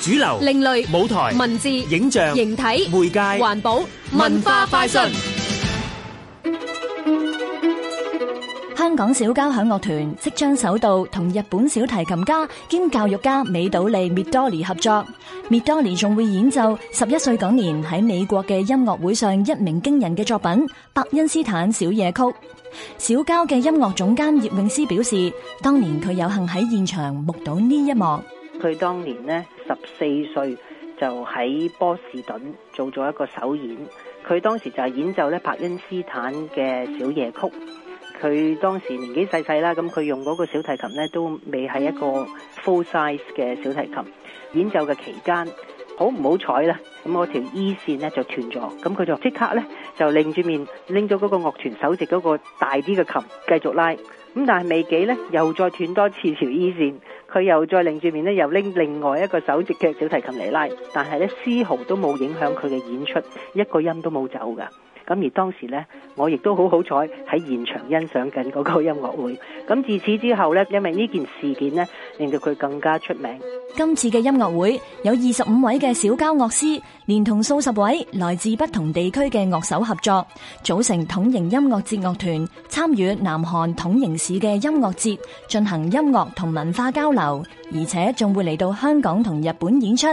主流、另類、舞台、文字、影像、形體、媒介、環保、文化快訊。香港小交響樂團即將首度同日本小提琴家兼教育家美島利 ·Midori 合作，Midori 仲會演奏十一歲嗰年喺美國嘅音樂會上一鳴驚人嘅作品《伯恩斯坦小夜曲》。小交嘅音樂總監葉詠詩表示，當年佢有幸喺現場目睹呢一幕。佢當年咧十四歲就喺波士頓做咗一個首演，佢當時就係演奏咧柏恩斯坦嘅小夜曲。佢當時年紀細細啦，咁佢用嗰個小提琴咧都未係一個 full size 嘅小提琴。演奏嘅期間好唔好彩啦，咁我條 E 線咧就斷咗，咁佢就即刻咧就擰住面拎咗嗰個樂團首席嗰個大啲嘅琴繼續拉。咁但係未幾呢，又再斷多次條 e 線，佢又再擰住面呢，又拎另外一個手直腳小提琴嚟拉，但係呢，絲毫都冇影響佢嘅演出，一個音都冇走噶。咁而當時咧，我亦都好好彩喺現場欣賞緊嗰個音樂會。咁自此之後咧，因為呢件事件呢，令到佢更加出名。今次嘅音樂會有二十五位嘅小交樂師，連同數十位來自不同地區嘅樂手合作，組成統營音樂節樂團，參與南韓統營市嘅音樂節，進行音樂同文化交流，而且仲會嚟到香港同日本演出。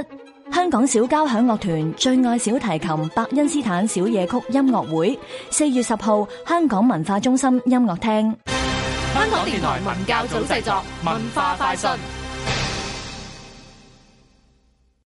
香港小交響樂團最愛小提琴，伯恩斯坦小夜曲音樂會，四月十號香港文化中心音樂廳。香港電台文教組製作，文化快訊。